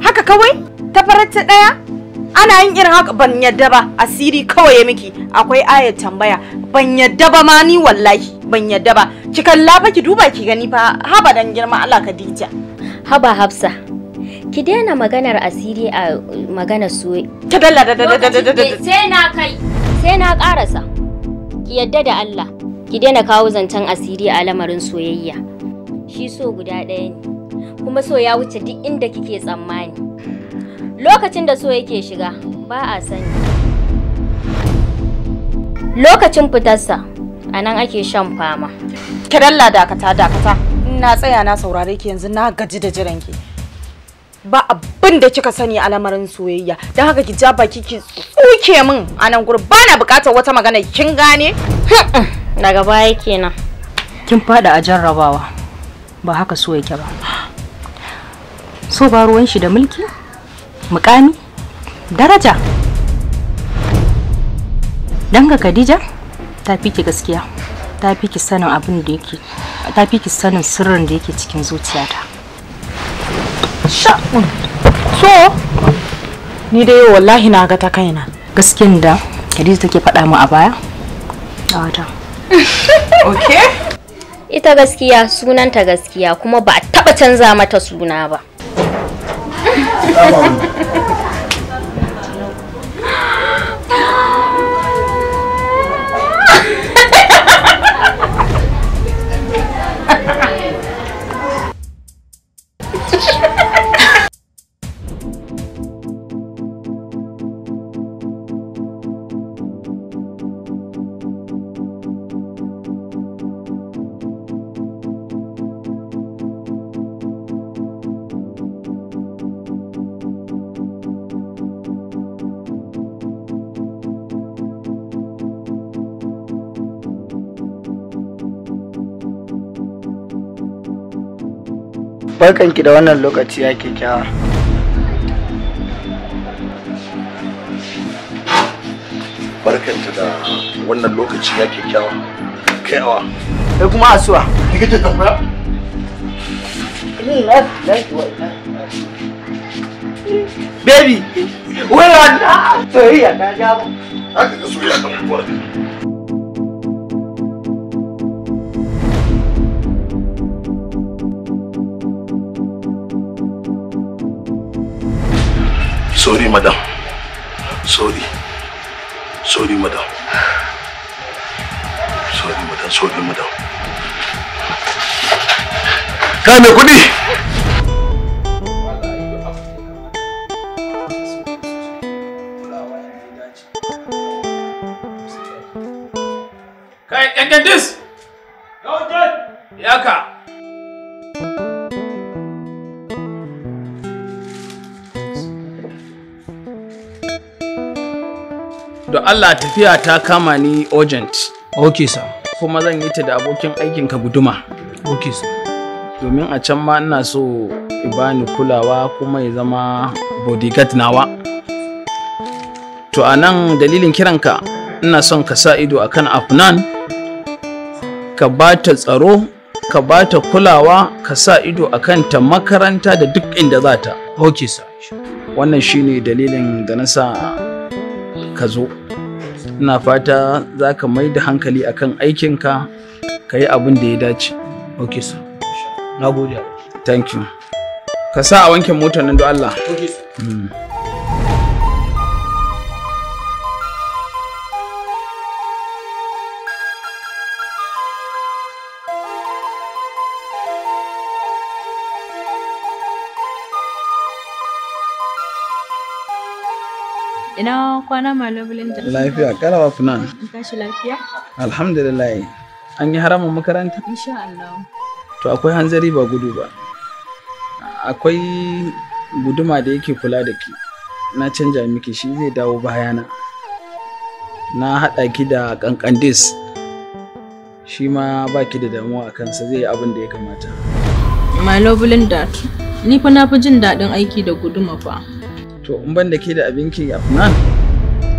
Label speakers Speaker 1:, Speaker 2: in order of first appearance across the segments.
Speaker 1: haka kawai ta farata ɗaya ana yin irin haka ban yadda ba asiri kawai ya miki akwai ayat tambaya ban yadda ba ma ni wallahi ban yadda ba ki kalla ba ki duba ki gani fa haba dan girma Allah Khadija haba hafsa ki daina maganar asiri a maganar soye ta dalla da sai na kai sai na karasa ki yadda da Allah ki daina kawo zancen asiri a lamarin soyayya shi so guda ɗaya ne kuma so ya wuce duk inda kike tsammani lokacin da so yake shiga ba a sani lokacin fitarsa a nan ake shan fama ki dalla dakata dakata na tsaya na saurare ki yanzu na gaji da jiran ki ba abin da kika sani a lamarin soyayya don haka ki ja baki ki tsuke min a nan gurin ba na bukatar wata magana kin gane daga baya kenan kin fada a jarrabawa ba haka so yake ba so ba ruwan shi da mulki mukami daraja danga khadija ta fi ki gaskiya ta fi ki sanin abin da yake ta fi ki sanin sirrin da yake cikin zuciyata sha'un so ni dai wallahi na ga ta kaina gaskin da Khadija take faɗa mu a baya a ita gaskiya sunanta gaskiya kuma ba a taɓa canza mata suna ba
Speaker 2: ki da wannan
Speaker 3: lokaci ya ke kyakkyawa barkanta da wannan lokaci ya ke kyawa kaiwa kai kuma asuwa ni kake tambaya baby wai wannan soyayya
Speaker 4: ta jawo haka ga soyayya ta
Speaker 3: sorry madam sorry sorry madam sorry madam sorry madam ka kudi Allah tafiya ta kama ni urgent. Ok sir. Kuma zan yi ta da abokin aikin ka guduma. Ok sir. Domin a can ma ina so bani kulawa kuma ya zama bodyguard nawa. To a nan dalilin ka, ina son ka sa ido akan Afnan ka ba ta tsaro ka ba ta kulawa ka sa ido akan ta makaranta da duk inda za ta. Ok sir. Wannan shine dalilin da na sa ka zo. ina fata za ka mai da hankali a kan aikinka ka yi abin da ya dace ok so na gode thank you ka sa a wanke motar nan don allah okay, sir. Mm.
Speaker 1: Ina kwana malam Linda. Lafiya,
Speaker 3: kalawa funan.
Speaker 1: In tashi lafiya?
Speaker 3: Alhamdulillah. An yi haramun makaranta? Insha Allah. To akwai hanzari ba gudu ba. Akwai guduma da yake kula da ki. Na canja miki shi zai dawo bayana. Na haɗa ki da kankandis. Shi ma ba ki da damuwa a kansa zai yi abin da ya kamata.
Speaker 1: Malo datu. ni fa na fi jin daɗin aiki da guduma fa.
Speaker 3: to in ban da ke da abinki afnan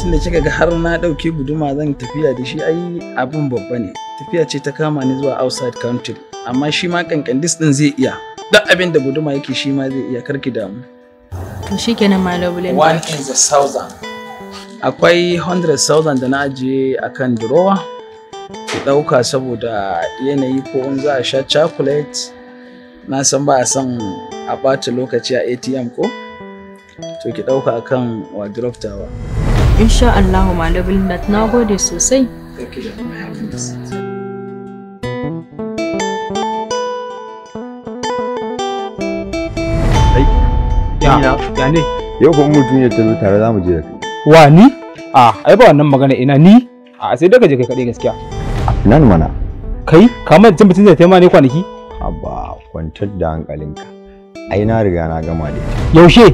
Speaker 3: tunda kika ga har na ɗauki guduma zan tafiya da shi ai abin babba ne tafiya ce ta kama ni zuwa outside country amma shi ma kankan dis din zai iya duk abin da guduma yake shi ma zai iya karki damu
Speaker 1: to shikenan malam one
Speaker 3: is a thousand akwai 100,000 da na ajiye a kan durowa ki ɗauka saboda yanayi ko in za a sha chocolate na san ba a san a ɓata lokaci a atm ko To ki ɗauka akan wardrobe tawa
Speaker 1: insha Allah malamin nat na gode sosai
Speaker 2: ya ne yau kuma mutum ya tazo tare za mu je da kai wa ni a ai ba wannan magana ina ni a sai daga je kai kaɗai gaskiya nan mana kai Ka kamar jin mutum zai taimaka ne kwanaki abba kwantar da hankalinka ai na riga na gama da ita yaushe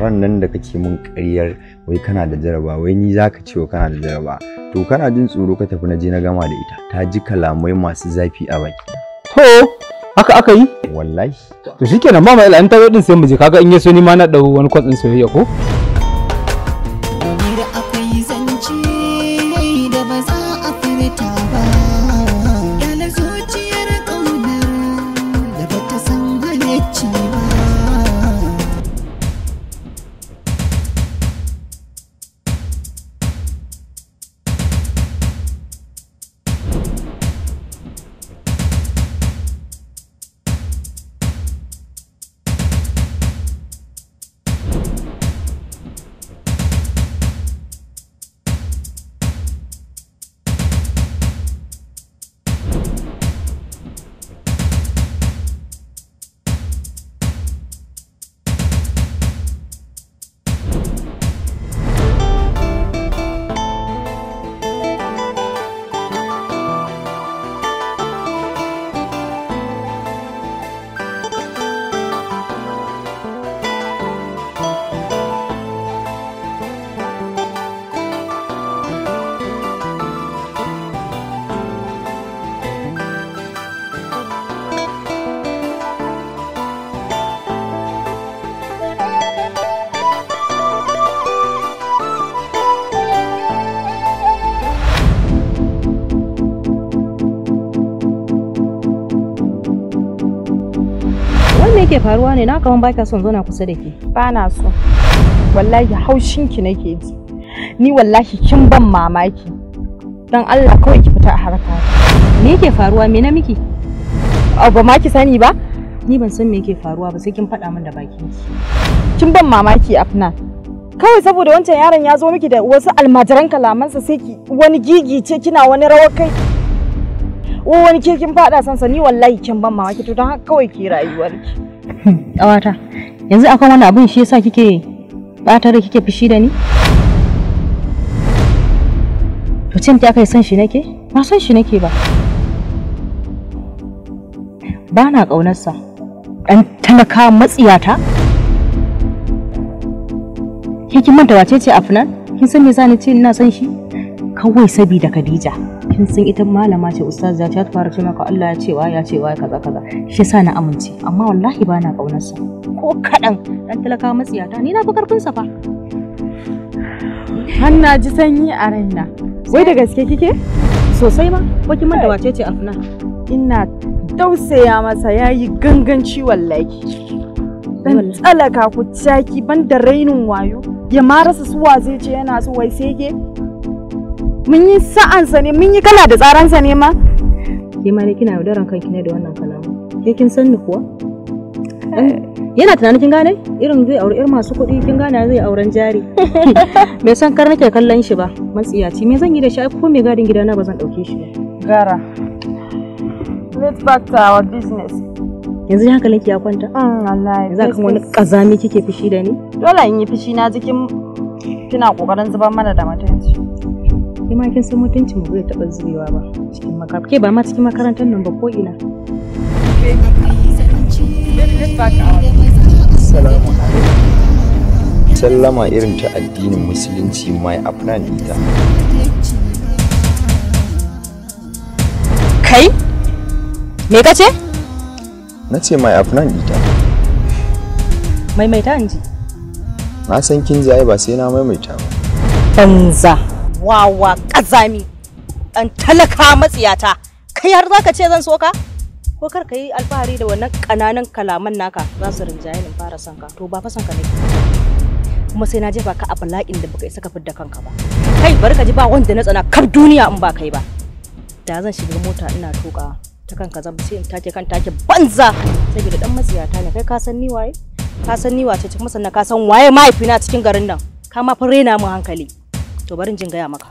Speaker 2: ran nan da kake mun ƙaryar wai kana da jaraba wai ni zaka ce kana da jaraba to kana jin tsoro ka tafi na je na gama da ita ta ji kalamai masu zafi a baki to haka aka yi wallahi to shikenan mama ila an tawo din sai mu je kaga in yaso ni ma na dau wani kwatsin soyayya ko
Speaker 1: yake faruwa ne na kaman baka son zauna kusa da ke ba na so wallahi haushin ki nake ji ni wallahi kin ban mamaki dan Allah kawai ki fita a harka me yake faruwa me na miki ba ma ki sani ba ni ban san me yake faruwa ba sai kin faɗa min da bakin ki kin ban mamaki afna kawai saboda wancan yaron ya zo miki da wasu almajiran kalamansa sai ki wani gigi ce kina wani rawar kai wani ke kin faɗa sansa ni wallahi kin ban mamaki to don haka kawai ki rayuwarki Ƙawata, yanzu akan wani abin shi yasa kike bata da kike fushi da ni? To cin ta kai son shi nake? Ba son shi nake ba. Ba na ƙaunarsa. Ɗan talaka matsiyata? Kin manta wace ce funan? Kin san me za ni ce ina son shi? Kawai sabida Khadija. kin san ita malama ce ustaz ta fara ce maka Allah ya ce wa ya ce wa kaza kaza shi yasa na amince amma wallahi ba na kaunar sa ko kadan dan talaka matsiyata ni na fi karfin sa fa Hanna na ji sanyi a raina wai da gaske kike sosai ma ko kin manta wace ce afnan ina tausaya masa yayi ganganci wallahi dan tsalaka ku caki ban da rainin wayo ya marasa suwa zai ce yana so wai sai ke mun yi sa'ansa ne mun yi kala da tsaransa ne ma ke ma ne kina yaudaran kanki ne da wannan kalamu ke kin san ni kuwa eh, yana tunanin kin gane irin zai aure irin masu kuɗi kin gane zai auren jari me san kar nake kallon shi ba matsiyaci me zan yi da shi ko me gadin gidana ba zan dauke shi ba gara let's back to our business yanzu hankalin ki ya kwanta mm, wallahi za ka wani kazami kike fishi da ni dole in yi fishi na jikin kina kokarin zubar mana da mata ke ma kin san mutuncin mu bai taba zubewa ba cikin makarantar ke ba ma cikin makarantar nan ba ko ina sallama irin ta addinin musulunci mai afnan ita kai me ka ce na ce mai afnan ita maimaita in ji na san kin jaye ba sai na maimaita ba banza wawa ƙazami ɗan talaka matsiyata kai har zaka ce zan soka ko kar ka yi alfahari da wannan ƙananan kalaman naka za su rinjaye ni fara son ka to ba fa son ka nake kuma sai na jefa ka a bala'in da baka isa ka fidda kanka ba kai bari ka ji ba wanda na tsana kar duniya in ba kai ba da zan shiga mota ina tuka ta kanka zan sai in take kan take banza saboda dan matsiyata ne kai ka san ni waye ka san ni wace kuma sannan ka san waye mahaifina cikin garin nan ka ma fa rena mu hankali to barin jin gaya maka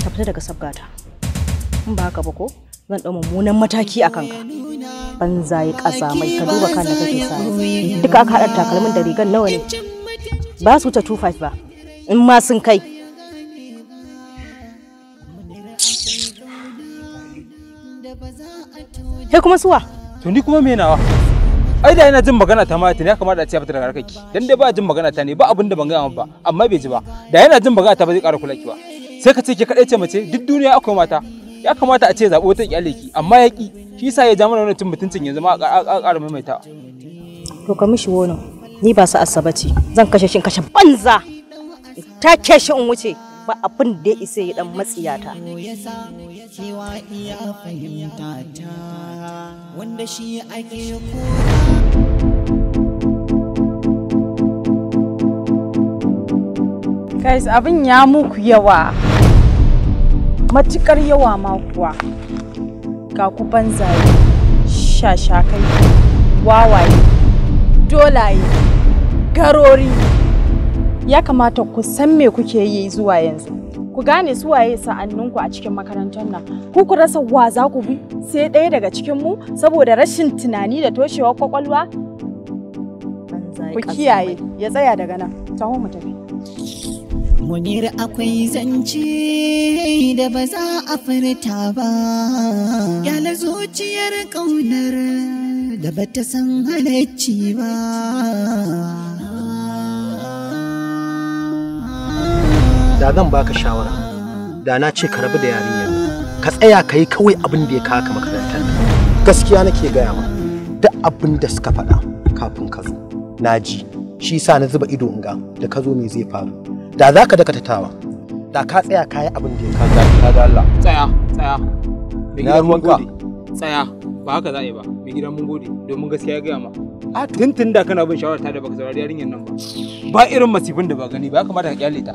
Speaker 1: ka fita daga sabgata in ba haka ba ko zan ɗau mummunan mataki a kanka ban zai ƙasa mai ka duba kan da kake sa duka aka haɗa takalmin da rigan nawa ne ba su ta 25 ba in ma sun kai
Speaker 2: Kai kuma suwa? To ni kuma me nawa? ai da yana jin magana ta mata ya kamata a ce da harkarki dan dai ba jin magana ta ne ba abin da ban gaya ba amma bai ji ba da yana jin magana ta ba zai kara kula ba sai ka ce ki kadai ce mace duk duniya akwai mata ya kamata a ce zabo wata ƙyale ki amma ya ki shi yasa ya ja mana wani mutuncin yanzu ma a ƙara maimaita
Speaker 1: to ka mishi wono ni ba su ce zan kashe shi kashe banza ta ke in wuce ba abin da ya isa ya dan matsiya wanda Guys, abin ya muku yawa. Matukar yawa ma kuwa. Ga ku banzaye, shashakai, wawaye, dolaye, garori. ya kamata ku san me kuke yi zuwa yanzu ku gane su waye sa'anninku a cikin makarantar nan ku ku rasa wa za ku bi sai ɗaya daga cikin mu saboda rashin tunani da toshewar kwakwalwa
Speaker 4: ku kiyaye
Speaker 1: ya tsaya daga nan taho mu tafi
Speaker 4: munir akwai zance da ba za a furta ba yana zuciyar ƙaunar da ba ta san halacci ba
Speaker 2: da zan baka shawara da na ce ka rabu da yarinyar ka tsaya ka yi kawai abin da ya kaka makarantar gaskiya nake gaya ma duk abin da suka faɗa kafin ka zo na ji shi sa na zuba ido in ga da ka zo me zai faru da za ka dakatatawa da ka tsaya ka yi abin da ya kaka ka ga Allah tsaya tsaya mun gode tsaya ba haka za a yi ba mai gidan mun gode domin gaskiya ya gaya ma a tuntun da kana bin shawarta da baka saurari yarinyar nan ba ba irin masifin da ba gani ba kamata ka kyale ta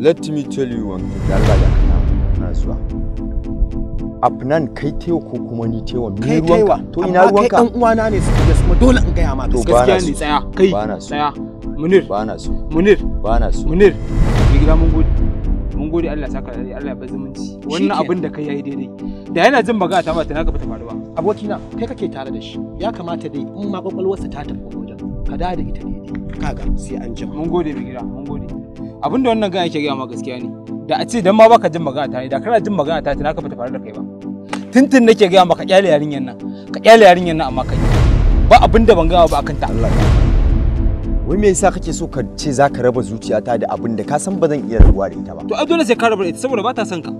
Speaker 2: let me tell you one thing Allah ya na zuwa afnan kai tewa ko kuma ni tewa. kai taiwa to ina ruwanka kai dan uwana ne suke da kuma dole in gaya ma to gaskiya ne tsaya kai tsaya munir ba na so munir ba na so munir ki gida mun gode mun gode Allah saka Allah ya bar zumunci wannan abin da kai yayi daidai da yana jin magana ta ba ta naka ba ta faruwa abokina kai kake tare da shi ya kamata dai in ma kwakwalwarsa ta tafi wajen ka da da ita daidai kaga sai an jima mun gode mai gida mun gode abin da wannan gani yake gaya ma gaskiya ne da a ce dan ma baka jin magana ta ne da kana jin magana ta tana ka fita fara da kai ba tuntun nake gaya maka kyale yarinyar nan ka kyale yarinyar nan amma kai ba abin da ban gaya ba akan ta Allah wai me yasa kake so ka ce zaka raba zuciyata da abin da ka san ba zan iya rabuwa da ita ba to a dole sai ka raba ita saboda ba ta son ka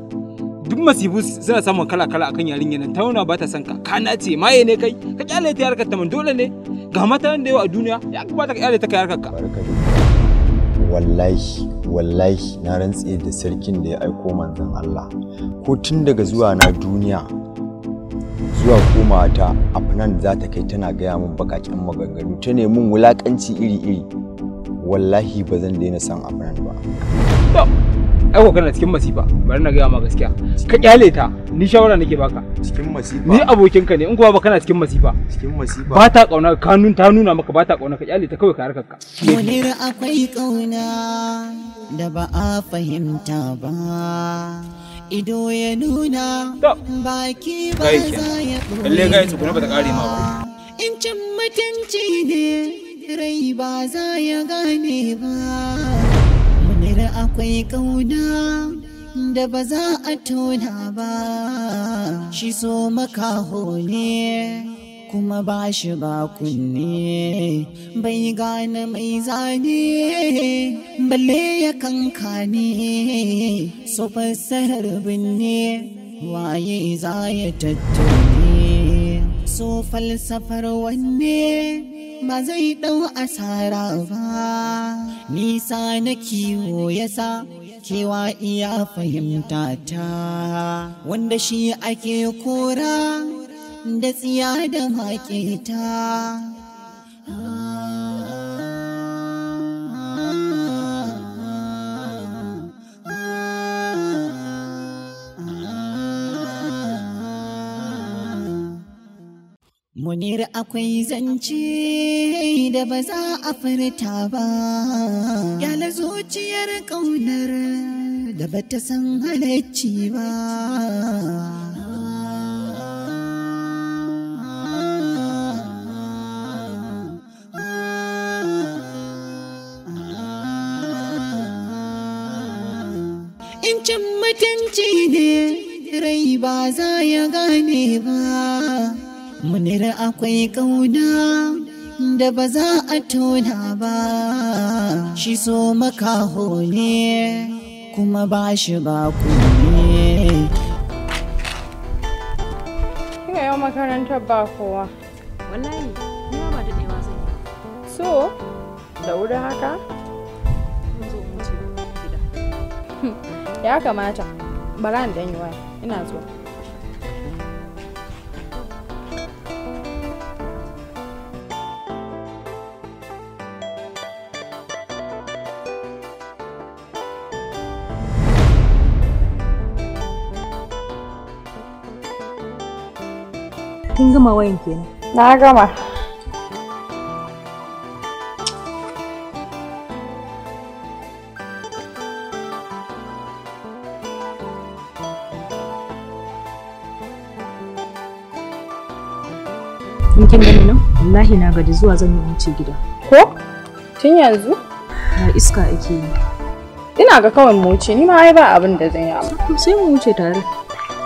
Speaker 2: duk masibu suna samun kala kala akan yarinyar nan tauna ba ta son ka ka na ce maye ne kai ka kyale ta yarkar ta man dole ne ga mata da yawa a duniya ya kamata ka kyale ta kai yarkar ka wallahi wallahi na rantse da sarkin da ya aiko manzon Allah ko tun daga zuwa na duniya zuwa komawa ta afnan za ta kai tana gaya min bakakin maganganu ta mun wulakanci iri-iri wallahi ba zan daina san afnan ba ai ko kana cikin masifa bari na gaya ma gaskiya ka kyale ta ni shawara nake baka cikin masifa ni abokin ka ne in kuma ba kana cikin masifa cikin masifa ba ta kauna ka nun ta nuna maka ba ta kauna ka kyale ta kawai ka harkar ka munir
Speaker 4: akwai kauna
Speaker 2: da ba a fahimta ba
Speaker 4: ido ya nuna baki ba za ya lalle
Speaker 2: ga yace ba ta kare ma ba
Speaker 4: in cin mutunci ne rai ba za ya gane ba akwai kauna da ba za a tona ba shi so makaho ne kuma ba shi ba kunne bai gane mai zane balle ya kankane so fassarar binne waye za ya tattone so falsafar wanne ba zai ɗau asara ba nisa na kiwo yasa kewa iya fahimta ta wanda shi ake kora da tsiya da maƙeta munir akwai zance da ba za a furta ba yana zuciyar ƙaunar da ba ta san halacci ba in cin mutunci ne rai ba za ya gane ba munira akwai kauna da ba za a tona ba shi so makaho ne kuma ba shi ba ne.
Speaker 1: kika yau makarantar ba kowa wallahi ne ba daɗewa zan yi so da wuri haka ya kamata bara dan yi waya ina zuwa gama wayan kenan na gama in kin gani nan wallahi na gaji zuwa zan yi wuce gida ko tun yanzu na iska ake yi ina ga kawai mu wuce ni ma ai ba abin da zan yi sai mu wuce tare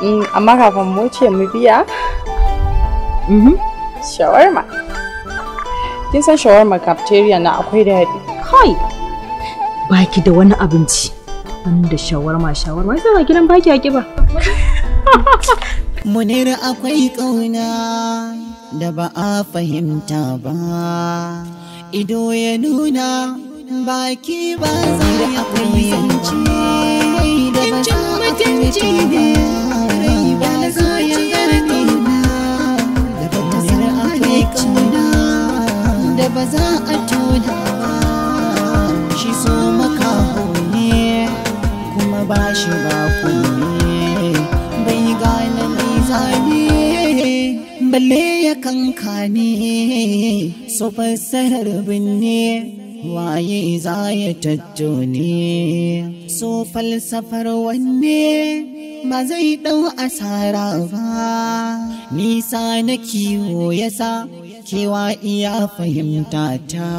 Speaker 1: mm, amma kafin mu wuce mu biya Mm-hmm. shawarma kin san shawarma cafeteria na akwai da daɗi kai baki da wani abinci da shawarma shawarma sai gidan baki a kiba munir akwai ƙauna da ba a
Speaker 4: fahimta ba ido ya nuna baki ba zai akwai zance da ba za ba rai ba zai ya gani. kauna da ba za a tuna ba shi so makaho ne kuma ba shi ba kunne bai gane mai zane balle ya kankane so binne waye za ya tattone so falsafar wanne ba zai ɗau asara ba nisa na kiwo sa. kewa iya fahimta ta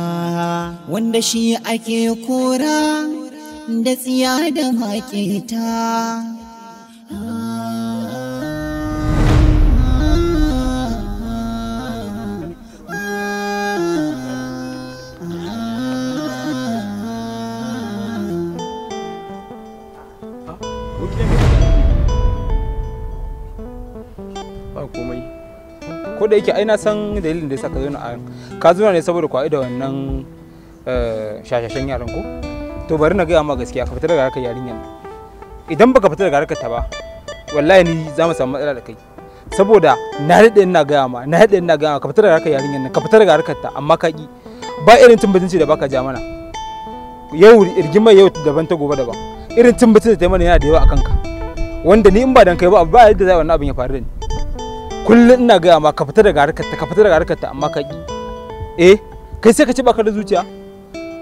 Speaker 4: wanda shi ake kora da tsiya da ta.
Speaker 2: ko da yake ai na san dalilin da yasa ka zo na ka zauna ne saboda kwa'i da wannan eh, shashashen yaran ko to bari na gaya ma gaskiya ka fita daga harkar yarinyar idan baka fita daga harkar ta ba wallahi ni za mu samu matsala da kai saboda na daɗe ina gaya ma na daɗe ina gaya ma ka fita daga harkar yarinyar nan ka fita daga harkar ta amma ka ki ba irin tumbatunci da baka ja mana yau irgimar yau daban ta gobe daban irin tumbatunci da ta mana yana da yawa a kanka wanda ni in ba dan kai ba ba yadda zai wannan abin ya faru da ni kullum ina gaya ma ka fita daga harkar ta ka fita daga harkar ta amma ka ki eh kai sai ka ci baka da zuciya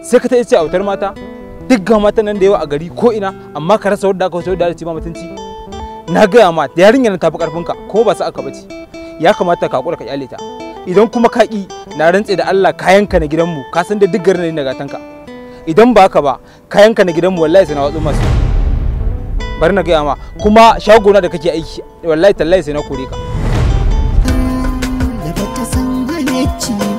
Speaker 2: sai ka ta ce autar mata duk ga mata nan da yawa a gari ko ina amma ka rasa wadda aka so wadda ci ba mutunci na gaya ma yarinyar ta fi karfin ka ko ba su aka bace ya kamata ka hakura ka kyale ta idan kuma ka ki na rantse da Allah kayan ka na gidanmu ka san da duk garin na gatanka idan ba ka ba kayan ka na gidanmu wallahi sai na watsu masu bari na gaya ma kuma shagona da kake aiki wallahi tallahi sai na kore ka
Speaker 4: noite